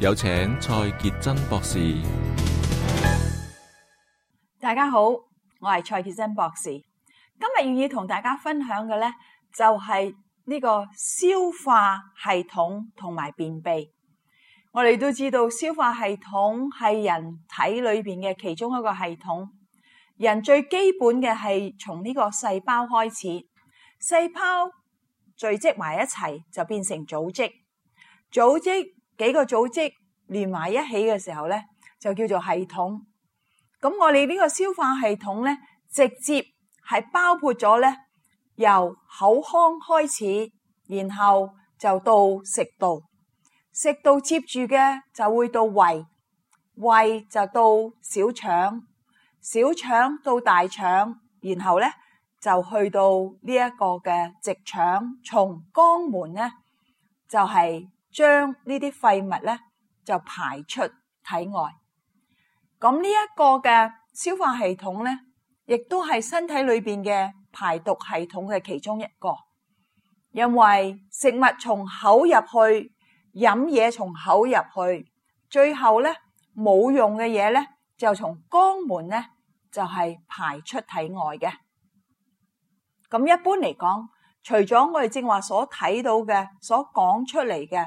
有請蔡潔真博士。大家好，我係蔡潔真博士。今日願意同大家分享嘅咧，就係呢個消化系統同埋便秘。我哋都知道，消化系統係人體裏邊嘅其中一個系統。人最基本嘅係從呢個細胞開始，細胞聚積埋一齊就變成組織，組織。幾個組織連埋一起嘅時候呢，就叫做系統。咁我哋呢個消化系統呢，直接係包括咗呢，由口腔開始，然後就到食道，食道接住嘅就會到胃，胃就到小腸，小腸到大腸，然後呢就去到呢一個嘅直腸，從肛門呢就係。將呢啲廢物咧就排出體外，咁呢一個嘅消化系統咧，亦都係身體裏邊嘅排毒系統嘅其中一個。因為食物從口入去，飲嘢從口入去，最後咧冇用嘅嘢咧就從肛門咧就係排出體外嘅。咁一般嚟講，除咗我哋正話所睇到嘅，所講出嚟嘅。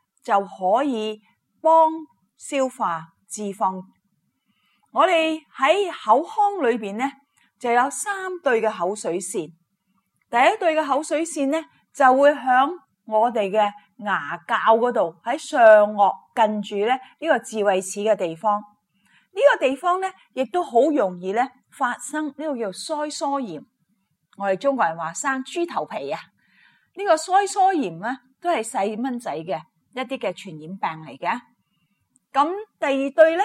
就可以幫消化脂肪。我哋喺口腔裏邊咧，就有三對嘅口水線。第一對嘅口水線咧，就會響我哋嘅牙較嗰度，喺上顎近住咧呢個智慧齒嘅地方。呢個地方咧，亦都好容易咧發生呢個叫腮腺炎。我哋中國人話生豬頭皮啊。呢個腮腺炎咧，都係細蚊仔嘅。一啲嘅傳染病嚟嘅，咁第二對咧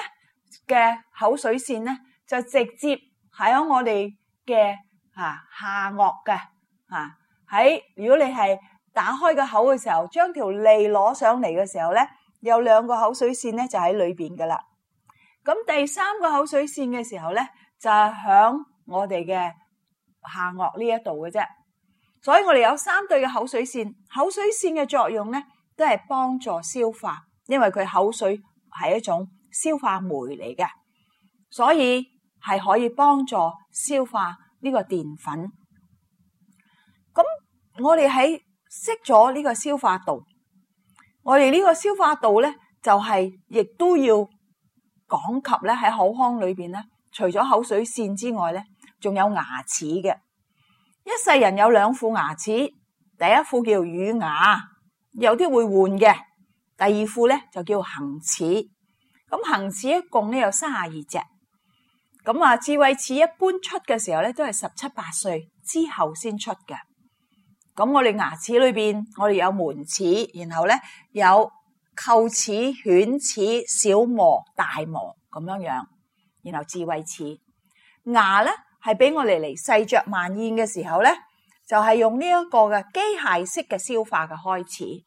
嘅口水線咧，就直接喺我哋嘅吓下顎嘅吓喺。如果你係打開個口嘅時候，將條脷攞上嚟嘅時候咧，有兩個口水線咧就喺裏邊噶啦。咁第三個口水線嘅時候咧，就係響我哋嘅下顎呢一度嘅啫。所以我哋有三對嘅口水線，口水線嘅作用咧。都係幫助消化，因為佢口水係一種消化酶嚟嘅。所以，係可以幫助消化呢個澱粉。咁，我哋喺識咗呢個消化道。我哋呢個消化道呢，就係亦都要講及呢，喺口腔裏面呢，除咗口水腺之外呢，仲有牙齒嘅。一世人有兩副牙齒，第一副叫乳牙。有啲會換嘅，第二副咧就叫恆齒，咁恆齒一共咧有三十二隻。咁啊，智慧齒一般出嘅時候咧，都係十七八歲之後先出嘅。咁我哋牙齒裏邊，我哋有門齒，然後咧有臼齒、犬齒、小磨、大磨咁樣樣，然後智慧齒牙咧係俾我哋嚟細嚼慢嚥嘅時候咧，就係、是、用呢一個嘅機械式嘅消化嘅開始。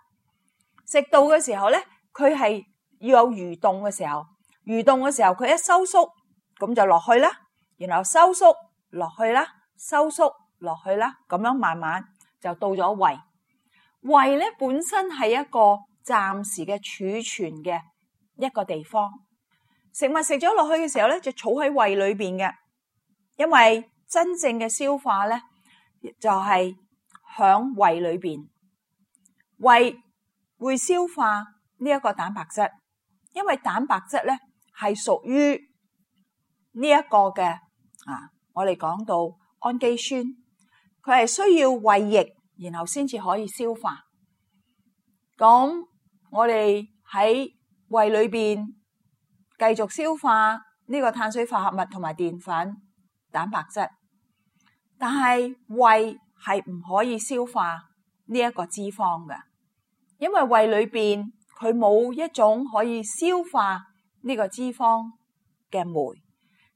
食到嘅時候咧，佢係要有蠕動嘅時候，蠕動嘅時候佢一收縮，咁就落去啦。然後收縮落去啦，收縮落去啦，咁樣慢慢就到咗胃。胃咧本身係一個暫時嘅儲存嘅一個地方，食物食咗落去嘅時候咧，就儲喺胃裏邊嘅。因為真正嘅消化咧，就係響胃裏邊胃。會消化呢一個蛋白質，因為蛋白質咧係屬於呢一個嘅啊，我哋講到氨基酸，佢係需要胃液，然後先至可以消化。咁我哋喺胃裏邊繼續消化呢個碳水化合物同埋澱粉、蛋白質，但係胃係唔可以消化呢一個脂肪嘅。因為胃裏邊佢冇一種可以消化呢個脂肪嘅酶，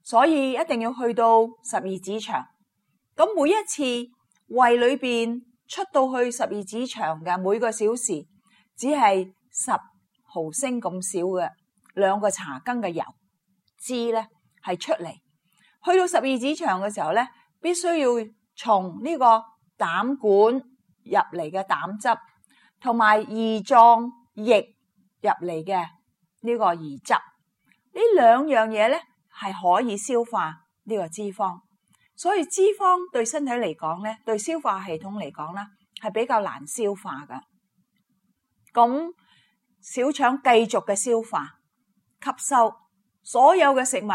所以一定要去到十二指腸。咁每一次胃裏邊出到去十二指腸嘅每個小時，只係十毫升咁少嘅兩個茶羹嘅油脂咧，係出嚟。去到十二指腸嘅時候咧，必須要從呢個膽管入嚟嘅膽汁。同埋胰臟液入嚟嘅呢個胰汁，呢兩樣嘢咧係可以消化呢個脂肪，所以脂肪對身體嚟講咧，對消化系統嚟講咧，係比較難消化㗎。咁小腸繼續嘅消化吸收，所有嘅食物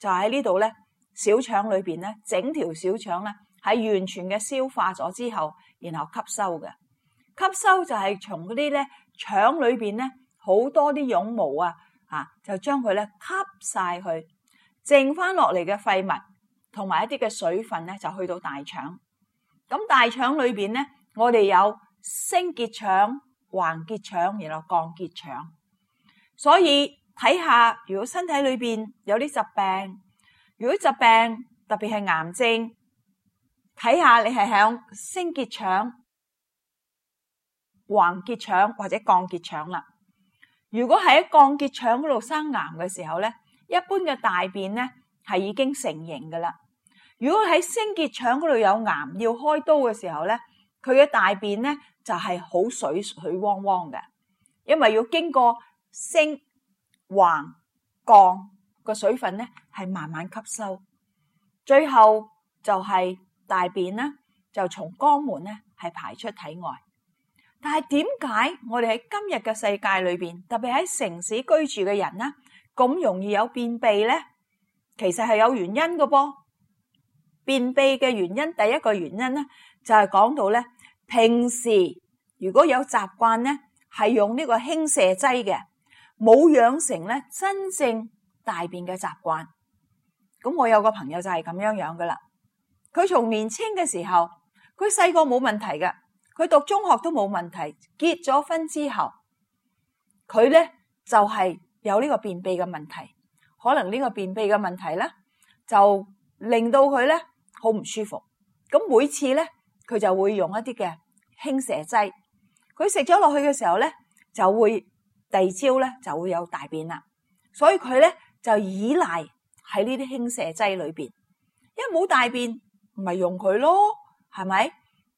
就喺呢度咧，小腸裏面咧，整條小腸咧係完全嘅消化咗之後，然後吸收嘅。吸收就係從嗰啲咧腸裏邊咧好多啲絨毛啊，吓就將佢咧吸晒去，剩翻落嚟嘅廢物同埋一啲嘅水分咧就去到大腸。咁大腸裏邊咧，我哋有升結腸、橫結腸，然後降結腸。所以睇下如果身體裏邊有啲疾病，如果疾病特別係癌症，睇下你係響升結腸。橫結腸或者降結腸啦，如果喺降結腸嗰度生癌嘅時候咧，一般嘅大便咧係已經成型噶啦。如果喺升結腸嗰度有癌要開刀嘅時候咧，佢嘅大便咧就係好水水汪汪嘅，因為要經過升、橫、降個水分咧係慢慢吸收，最後就係大便咧就從肛門咧係排出體外。但係點解我哋喺今日嘅世界裏邊，特別喺城市居住嘅人咧，咁容易有便秘咧？其實係有原因嘅噃。便秘嘅原因，第一個原因咧，就係講到咧，平時如果有習慣咧，係用呢個輕瀉劑嘅，冇養成咧真正大便嘅習慣。咁我有個朋友就係咁樣樣噶啦，佢從年青嘅時候，佢細個冇問題嘅。佢讀中學都冇問題，結咗婚之後，佢咧就係有呢個便秘嘅問題，可能呢個便秘嘅問題咧就令到佢咧好唔舒服。咁每次咧佢就會用一啲嘅輕瀉劑，佢食咗落去嘅時候咧就會第二朝咧就會有大便啦。所以佢咧就依賴喺呢啲輕瀉劑裏邊，因為冇大便咪用佢咯，係咪？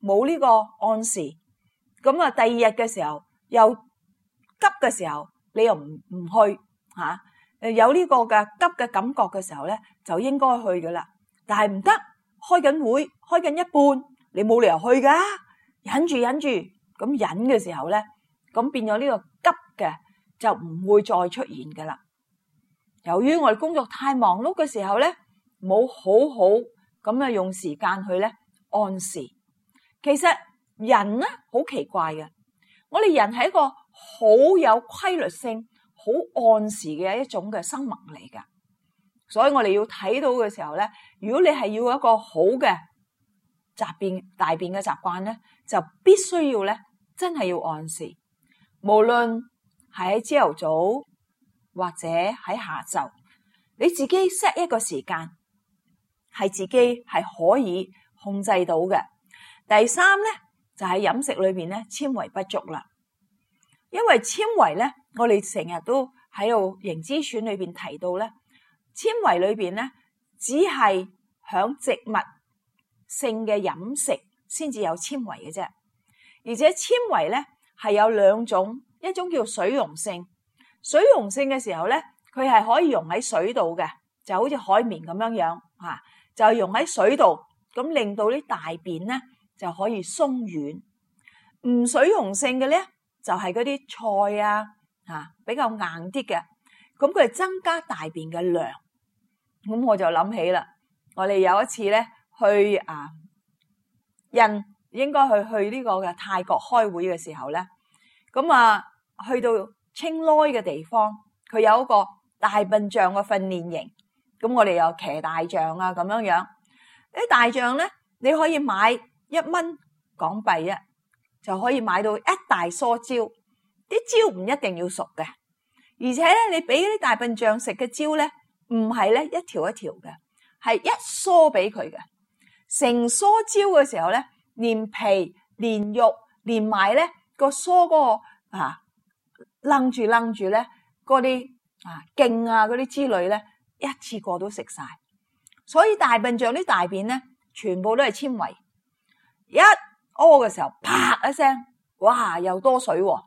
冇呢個按時，咁啊第二日嘅時候又急嘅時候，你又唔唔去吓？誒有呢個嘅急嘅感覺嘅時候咧，就應該去噶啦。但係唔得，開緊會，開緊一半，你冇理由去噶。忍住，忍住，咁忍嘅時候咧，咁變咗呢個急嘅就唔會再出現噶啦。由於我哋工作太忙碌嘅時候咧，冇好好咁啊用時間去咧按時。其實人咧好奇怪嘅，我哋人係一個好有規律性、好按時嘅一種嘅生物嚟噶，所以我哋要睇到嘅時候咧，如果你係要一個好嘅習慣、大便嘅習慣咧，就必須要咧真係要按時，無論係喺朝頭早或者喺下晝，你自己 set 一個時間係自己係可以控制到嘅。第三咧就係、是、飲食裏邊咧纖維不足啦，因為纖維咧我哋成日都喺度營資選裏邊提到咧，纖維裏邊咧只係響植物性嘅飲食先至有纖維嘅啫，而且纖維咧係有兩種，一種叫水溶性，水溶性嘅時候咧佢係可以溶喺水度嘅，就好似海綿咁樣樣吓，就係溶喺水度咁令到啲大便咧。就可以鬆軟，唔。水溶性嘅咧，就係嗰啲菜啊，吓、啊、比較硬啲嘅，咁佢係增加大便嘅量。咁我就諗起啦，我哋有一次咧去啊，印應該去去呢個嘅泰國開會嘅時候咧，咁啊去到清萊嘅地方，佢有一個大笨象嘅訓練營，咁我哋又騎大象啊咁樣樣，啲大象咧你可以買。一蚊港幣一就可以買到一大梳蕉，啲蕉唔一定要熟嘅，而且咧你俾啲大笨象食嘅蕉咧，唔係咧一條一條嘅，係一梳俾佢嘅，成梳蕉嘅時候咧，連皮連肉連埋咧個梳嗰個啊楞住楞住咧，嗰啲啊莖啊嗰啲之類咧，一次過都食晒，所以大笨象啲大便咧，全部都係纖維。一屙嘅時候，啪一聲，哇又多水，啊，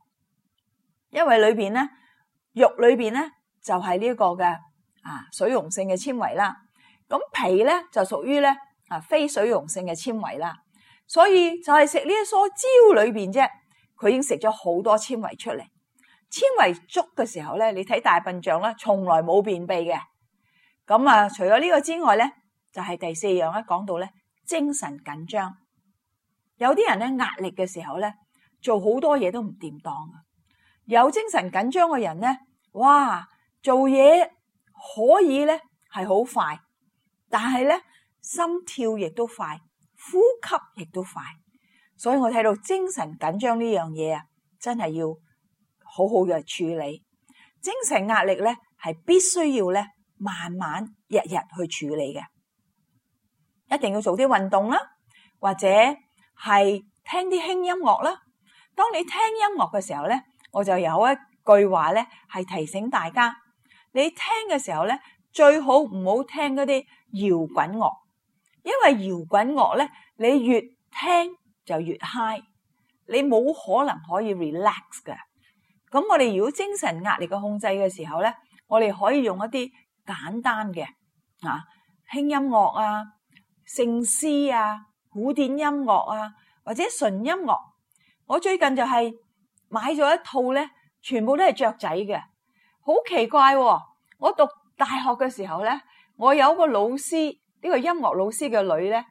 因為裏邊呢肉裏邊呢就係呢個嘅啊水溶性嘅纖維啦，咁，啊、皮呢就屬於呢啊非水溶性嘅纖維啦，所以就係食呢一梳蕉裏邊啫，佢已經食咗好多纖維出嚟，纖維足嘅時候呢，你睇大笨象呢，從來冇便秘嘅，咁啊除咗呢個之外呢，就係、是、第四樣，一講到呢精神緊張。有啲人咧，壓力嘅時候咧，做好多嘢都唔掂當。有精神緊張嘅人咧，哇，做嘢可以咧係好快，但係咧心跳亦都快，呼吸亦都快。所以我睇到精神緊張呢樣嘢啊，真係要好好嘅處理。精神壓力咧係必須要咧慢慢日日去處理嘅，一定要做啲運動啦，或者。係聽啲輕音樂啦。當你聽音樂嘅時候咧，我就有一句話咧係提醒大家，你聽嘅時候咧，最好唔好聽嗰啲搖滾樂，因為搖滾樂咧，你越聽就越 high，你冇可能可以 relax 嘅。咁我哋如果精神壓力嘅控制嘅時候咧，我哋可以用一啲簡單嘅啊，輕音樂啊、聖詩啊。古典音樂啊，或者純音樂。我最近就係買咗一套呢，全部都係雀仔嘅。好奇怪喎，我讀大學嘅時候呢,我有個老師，這個音樂老師嘅女呢,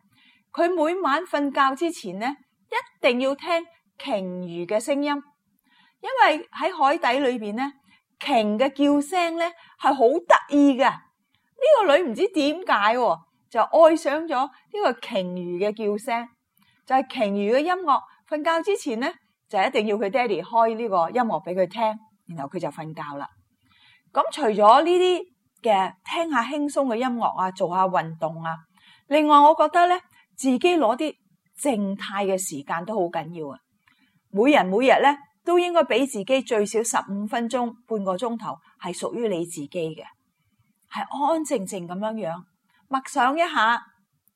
佢每晚瞓覺之前呢,一定要聽鯨魚嘅聲音,因為在海底裏面呢,鯨嘅叫聲呢,係好得意嘅。這個女唔知點解喎。就愛上咗呢個鯨魚嘅叫聲，就係鯨魚嘅音樂。瞓覺之前咧，就一定要佢爹哋開呢個音樂俾佢聽，然後佢就瞓覺啦。咁除咗呢啲嘅聽下輕鬆嘅音樂啊，做下運動啊，另外我覺得咧，自己攞啲靜態嘅時間都好緊要啊。每人每日咧，都應該俾自己最少十五分鐘，半個鐘頭係屬於你自己嘅，係安安靜靜咁樣樣。默想一下，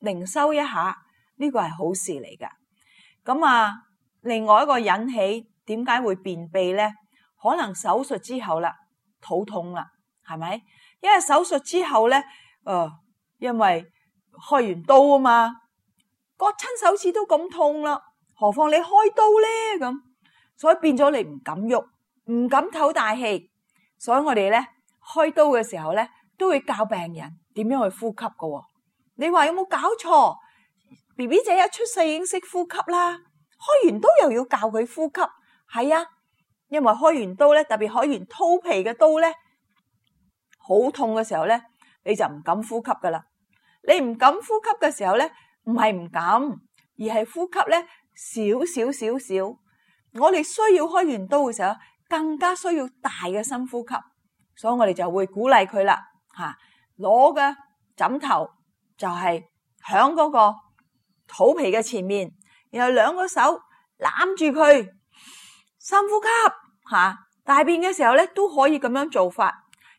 靈修一下，呢、這個係好事嚟噶。咁啊，另外一個引起點解會便秘呢？可能手術之後啦，肚痛啦，係咪？因為手術之後呢，誒、呃，因為開完刀啊嘛，割親手指都咁痛啦，何況你開刀呢？咁，所以變咗你唔敢喐，唔敢透大氣，所以我哋呢，開刀嘅時候呢，都會教病人。點樣去呼吸噶？你話有冇搞錯？B B 姐一出世已經識呼吸啦，開完刀又要教佢呼吸，係啊。因為開完刀咧，特別開完肚皮嘅刀咧，好痛嘅時候咧，你就唔敢呼吸噶啦。你唔敢呼吸嘅時候咧，唔係唔敢，而係呼吸咧少少少少。我哋需要開完刀嘅時候，更加需要大嘅深呼吸，所以我哋就會鼓勵佢啦，吓。攞嘅枕頭就係響嗰個肚皮嘅前面，然後兩個手攬住佢深呼吸吓，啊。大便嘅時候咧都可以咁樣做法，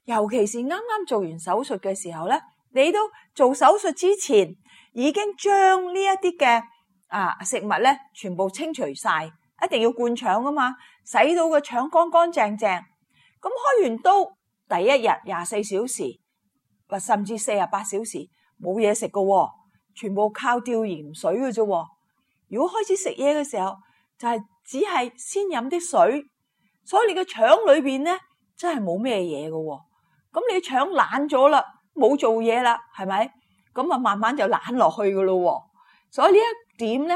尤其是啱啱做完手術嘅時候咧，你都做手術之前已經將呢一啲嘅啊食物咧全部清除晒，一定要灌腸啊嘛，洗到個腸乾乾淨淨。咁開完刀第一日廿四小時，甚至四十八小時冇嘢食嘅，全部靠吊鹽水嘅啫。如果開始食嘢嘅時候，就係、是、只係先飲啲水，所以你嘅腸裏邊咧真係冇咩嘢嘅。咁你腸懶咗啦，冇做嘢啦，係咪？咁啊，慢慢就懶落去嘅咯。所以呢一點咧，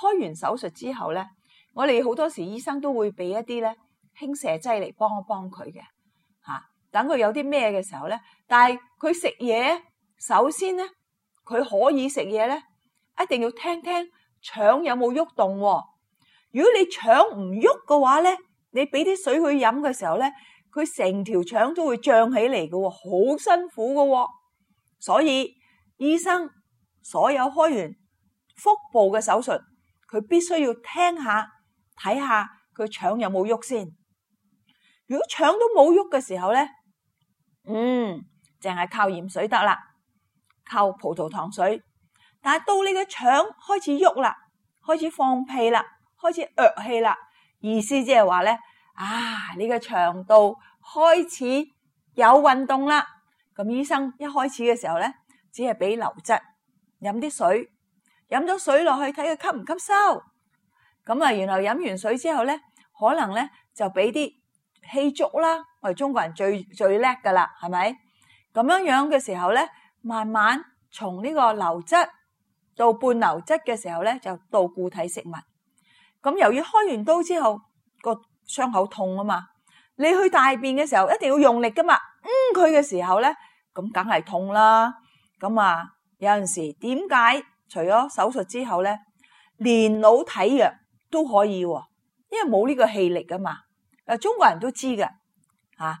開完手術之後咧，我哋好多時醫生都會俾一啲咧輕瀉劑嚟幫一幫佢嘅。吓、啊，等佢有啲咩嘅時候咧。但係佢食嘢，首先咧，佢可以食嘢咧，一定要聽聽腸有冇喐動。如果你腸唔喐嘅話咧，你俾啲水佢飲嘅時候咧，佢成條腸都會脹起嚟嘅，好辛苦嘅。所以醫生所有開完腹部嘅手術，佢必須要聽下睇下佢腸有冇喐先。如果腸都冇喐嘅時候咧，嗯。淨係靠鹽水得啦，靠葡萄糖水。但係到你個腸開始喐啦，開始放屁啦，開始惡氣啦，意思即係話咧，啊，你個腸道開始有運動啦。咁醫生一開始嘅時候咧，只係俾流質，飲啲水，飲咗水落去睇佢吸唔吸收。咁啊，然後飲完水之後咧，可能咧就俾啲氣足啦。我哋中國人最最叻噶啦，係咪？咁樣樣嘅時候咧，慢慢從呢個流質到半流質嘅時候咧，就到固體食物。咁由於開完刀之後個傷口痛啊嘛，你去大便嘅時候一定要用力噶嘛，嗯佢嘅時候咧，咁梗係痛啦。咁啊，有陣時點解除咗手術之後咧，連腦體藥都可以，因為冇呢個氣力㗎嘛。誒，中國人都知㗎，吓。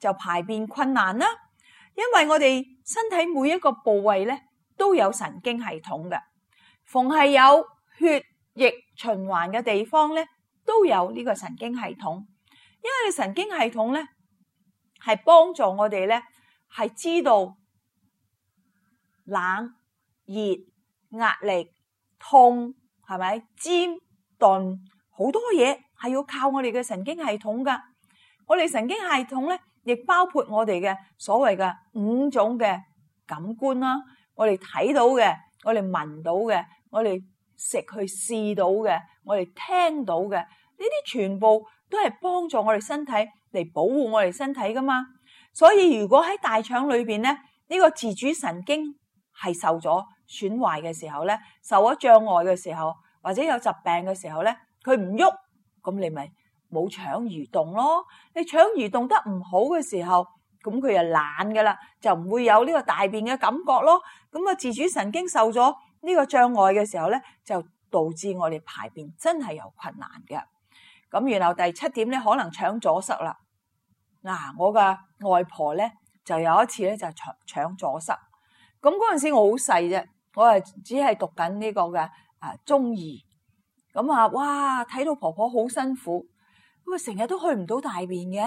就排便困難啦，因為我哋身體每一個部位咧都有神經系統㗎，逢係有血液循環嘅地方咧都有呢個神經系統，因為神經系統咧係幫助我哋咧係知道冷、熱、壓力、痛，係咪尖鈍，好多嘢係要靠我哋嘅神經系統㗎，我哋神經系統咧。亦包括我哋嘅所謂嘅五種嘅感官啦，我哋睇到嘅，我哋聞到嘅，我哋食去試到嘅，我哋聽到嘅，呢啲全部都係幫助我哋身體嚟保護我哋身體㗎嘛。所以如果喺大腸裏邊咧，呢個自主神經係受咗損壞嘅時候咧，受咗障礙嘅時候，或者有疾病嘅時候咧，佢唔喐，咁你咪。冇腸蠕動咯，你腸蠕動得唔好嘅時候，咁佢就懶噶啦，就唔會有呢個大便嘅感覺咯。咁啊，自主神經受咗呢個障礙嘅時候咧，就導致我哋排便真係有困難嘅。咁然後第七點咧，可能腸阻塞啦。嗱，我嘅外婆咧就有一次咧就係腸腸阻塞。咁嗰陣時我好細啫，我係只係讀緊呢個嘅啊中二。咁啊，哇！睇到婆婆好辛苦。佢成日都去唔到大便嘅，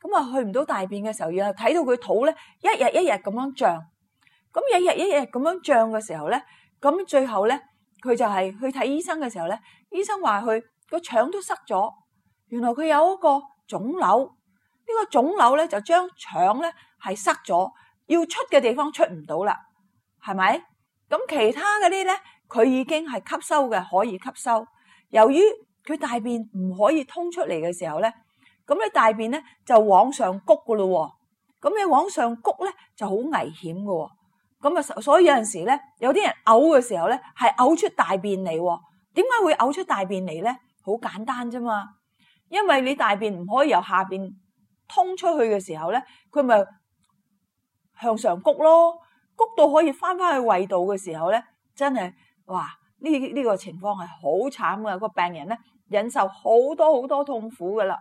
咁啊去唔到大便嘅時候，然後睇到佢肚咧一日一日咁樣脹，咁一日一日咁樣脹嘅時候咧，咁最後咧，佢就係去睇醫生嘅時候咧，醫生話佢個腸都塞咗，原來佢有一個腫瘤，呢個腫瘤咧就將腸咧係塞咗，要出嘅地方出唔到啦，係咪？咁其他嗰啲咧，佢已經係吸收嘅，可以吸收，由於。佢大便唔可以通出嚟嘅時候咧，咁你大便咧就往上谷㗎喇咯，咁你往上谷咧就好危險噶，咁啊所以有陣時咧，有啲人嘔嘅時候咧係嘔出大便嚟，點解會嘔出大便嚟咧？好簡單啫嘛，因為你大便唔可以由下邊通出去嘅時候咧，佢咪向上谷咯，谷到可以翻翻去胃道嘅時候咧，真係哇！呢呢個情況係好慘噶，個病人咧。忍受好多好多痛苦噶啦，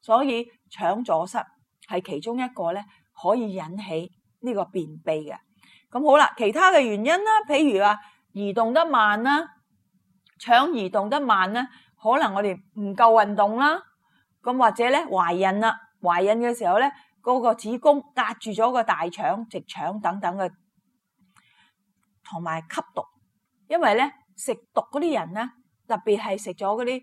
所以腸阻塞係其中一個咧可以引起呢個便秘嘅。咁好啦，其他嘅原因啦，譬如啊，移動得慢啦，腸移動得慢咧，可能我哋唔夠運動啦。咁或者咧懷孕啦，懷孕嘅時候咧，嗰個子宮壓住咗個大腸、直腸等等嘅，同埋吸毒，因為咧食毒嗰啲人咧，特別係食咗嗰啲。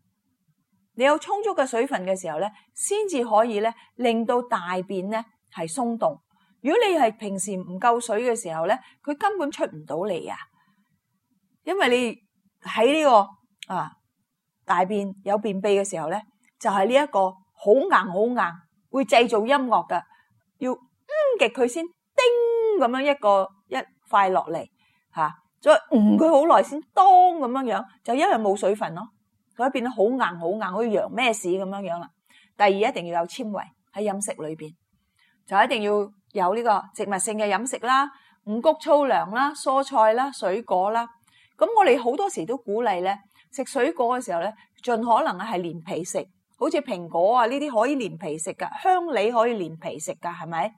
你有充足嘅水分嘅時候咧，先至可以咧令到大便咧係鬆動。如果你係平時唔夠水嘅時候咧，佢根本出唔到嚟啊！因為你喺呢、這個啊大便有便秘嘅時候咧，就係呢一個好硬好硬，會製造音樂嘅，要嗯、呃、極佢先叮咁樣一個一塊落嚟吓，再唔佢好耐先當咁樣這樣，就因為冇水分咯。佢變到好硬好硬，好似羊咩屎咁樣樣啦。第二一定要有纖維喺飲食裏邊，就一定要有呢個植物性嘅飲食啦，五穀粗糧啦、蔬菜啦、水果啦。咁我哋好多時都鼓勵咧，食水果嘅時候咧，盡可能係連皮食，好似蘋果啊呢啲可以連皮食噶，香梨可以連皮食噶，係咪？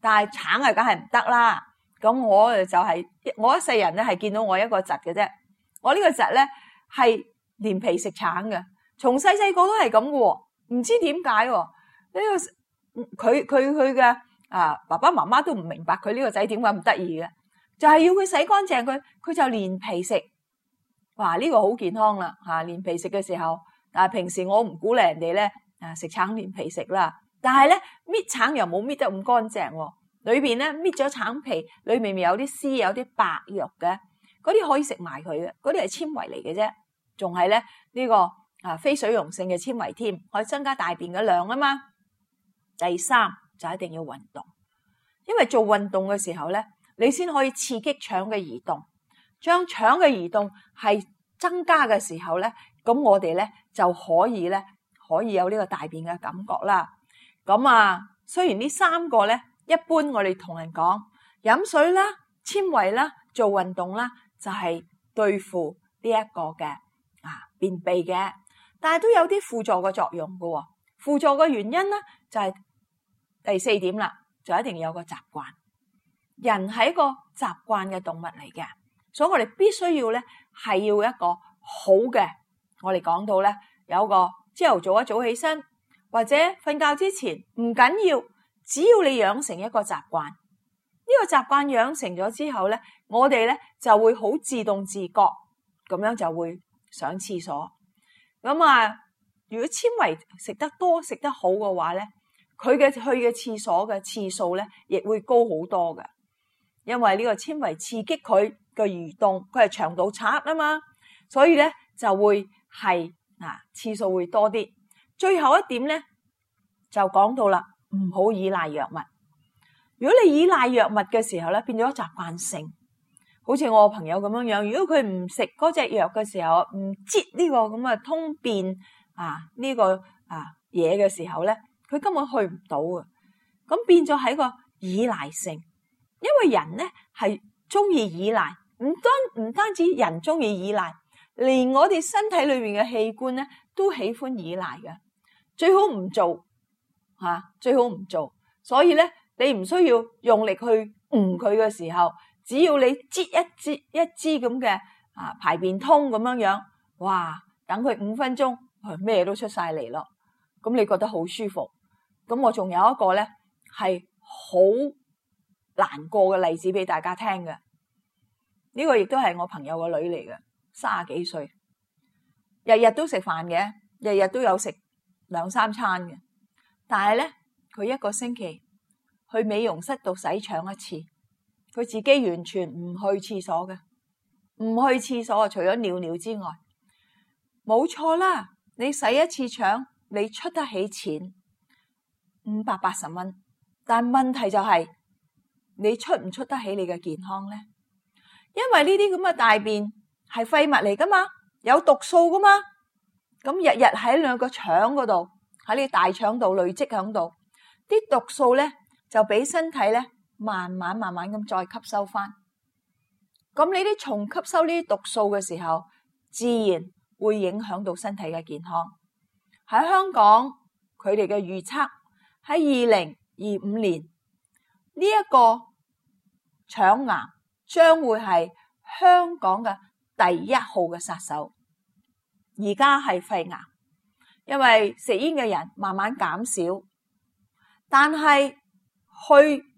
但係橙啊，梗係唔得啦。咁我就係我一世人咧，係見到我一個侄嘅啫。我呢個侄咧係。連皮食橙嘅，從細細個都係咁嘅，唔知點解呢個佢佢佢嘅啊爸爸媽媽都唔明白佢呢個仔點解咁得意嘅，就係要佢洗乾淨佢佢就連皮食。哇！呢個好健康啦吓，連皮食嘅時候，但係平時我唔鼓勵人哋咧啊食橙連皮食啦。但係咧搣橙又冇搣得咁乾淨，裏邊咧搣咗橙皮，裏面咪有啲絲，有啲白肉嘅，嗰啲可以食埋佢嘅，嗰啲係纖維嚟嘅啫。仲係咧，呢個啊非水溶性嘅纖維添，可以增加大便嘅量啊嘛。第三就一定要運動，因為做運動嘅時候咧，你先可以刺激腸嘅移動，將腸嘅移動係增加嘅時候咧，咁我哋咧就可以咧可以有呢個大便嘅感覺啦。咁啊，雖然呢三個咧，一般我哋同人講飲水啦、纖維啦、做運動啦，就係對付呢一個嘅。啊，便秘嘅，但係都有啲輔助嘅作用喎。輔助嘅原因咧，就係第四點啦，就一定要有一個習慣。人係一個習慣嘅動物嚟嘅，所以我哋必須要咧係要一個好嘅。我哋講到咧有個朝頭早一早起身，或者瞓覺之前唔緊要，只要你養成一個習慣。呢個習慣養成咗之後咧，我哋咧就會好自動自覺，咁樣就會上廁所，咁啊，如果纖維食得多、食得好嘅話咧，佢嘅去嘅廁所嘅次數咧，亦會高好多嘅。因為呢個纖維刺激佢嘅蠕動，佢係腸道刷啊嘛，所以咧就會係啊、呃、次數會多啲。最後一點咧，就講到啦，唔好依賴藥物。如果你依賴藥物嘅時候咧，變咗習慣性。好似我朋友咁樣樣，如果佢唔食嗰隻藥嘅時候，唔接呢個咁嘅通便啊呢個啊嘢嘅時候咧，佢根本去唔到嘅，咁變咗係一個依賴性。因為人咧係中意依賴，唔單唔單止人中意依賴，連我哋身體裏面嘅器官咧都喜歡依賴嘅。最好唔做吓，啊，最好唔做。所以咧，你唔需要用力去誤佢嘅時候。只要你擠一擠一支咁嘅啊排便通咁樣樣，哇！等佢五分鐘，咩都出曬嚟咯。咁你覺得好舒服。咁我仲有一個咧係好難過嘅例子俾大家聽嘅。呢個亦都係我朋友個女嚟嘅，三十幾歲，日日都食飯嘅，日日都有食兩三餐嘅。但係咧，佢一個星期去美容室度洗腸一次。佢自己完全唔去廁所嘅，唔去廁所啊！除咗尿尿之外，冇錯啦。你洗一次腸，你出得起錢五百八十蚊，但問題就係你出唔出得起你嘅健康咧？因為呢啲咁嘅大便係廢物嚟噶嘛，有毒素噶嘛，咁日日喺兩個腸嗰度喺你大腸度累積響度，啲毒素咧就俾身體咧。慢慢慢慢咁再吸收翻，咁你啲重吸收呢啲毒素嘅時候，自然會影響到身體嘅健康。喺香港，佢哋嘅預測，喺二零二五年，呢一個腸癌將會係香港嘅第一號嘅殺手。而家係肺癌，因為食煙嘅人慢慢減少，但係去。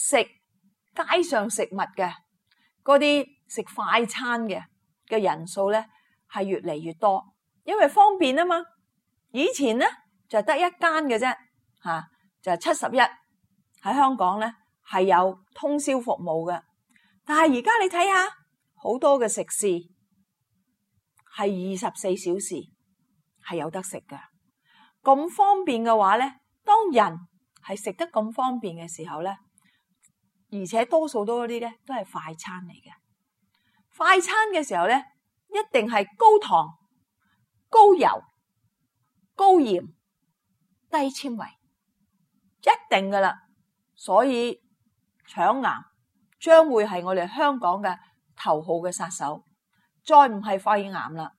食街上食物嘅嗰啲食快餐嘅嘅人數咧，係越嚟越多，因為方便啊嘛。以前咧就係得一間嘅啫，吓就係七十一喺香港咧係有通宵服務嘅。但係而家你睇下，好多嘅食肆係二十四小時係有得食嘅，咁方便嘅話咧，當人係食得咁方便嘅時候咧。而且多數多啲咧都係快餐嚟嘅，快餐嘅時候咧一定係高糖、高油、高鹽、低纖維，一定噶啦。所以腸癌將會係我哋香港嘅頭號嘅殺手，再唔係肺癌啦。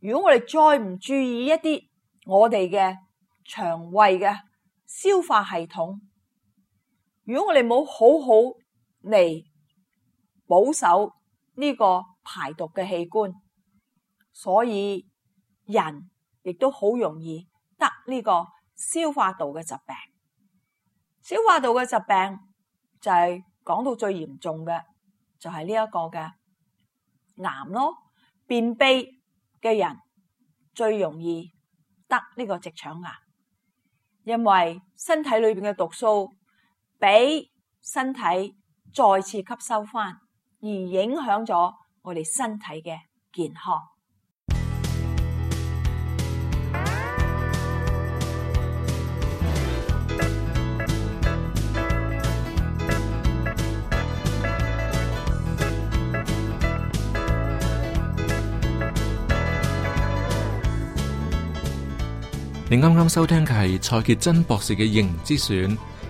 如果我哋再唔注意一啲我哋嘅腸胃嘅消化系統。如果我哋冇好好嚟保守呢個排毒嘅器官，所以人亦都好容易得呢個消化道嘅疾病。消化道嘅疾病就係講到最嚴重嘅，就係呢一個嘅癌咯。便秘嘅人最容易得呢個直腸癌，因為身體裏邊嘅毒素。俾身體再次吸收翻，而影響咗我哋身體嘅健康。你啱啱收聽嘅係蔡潔真博士嘅《型之選》。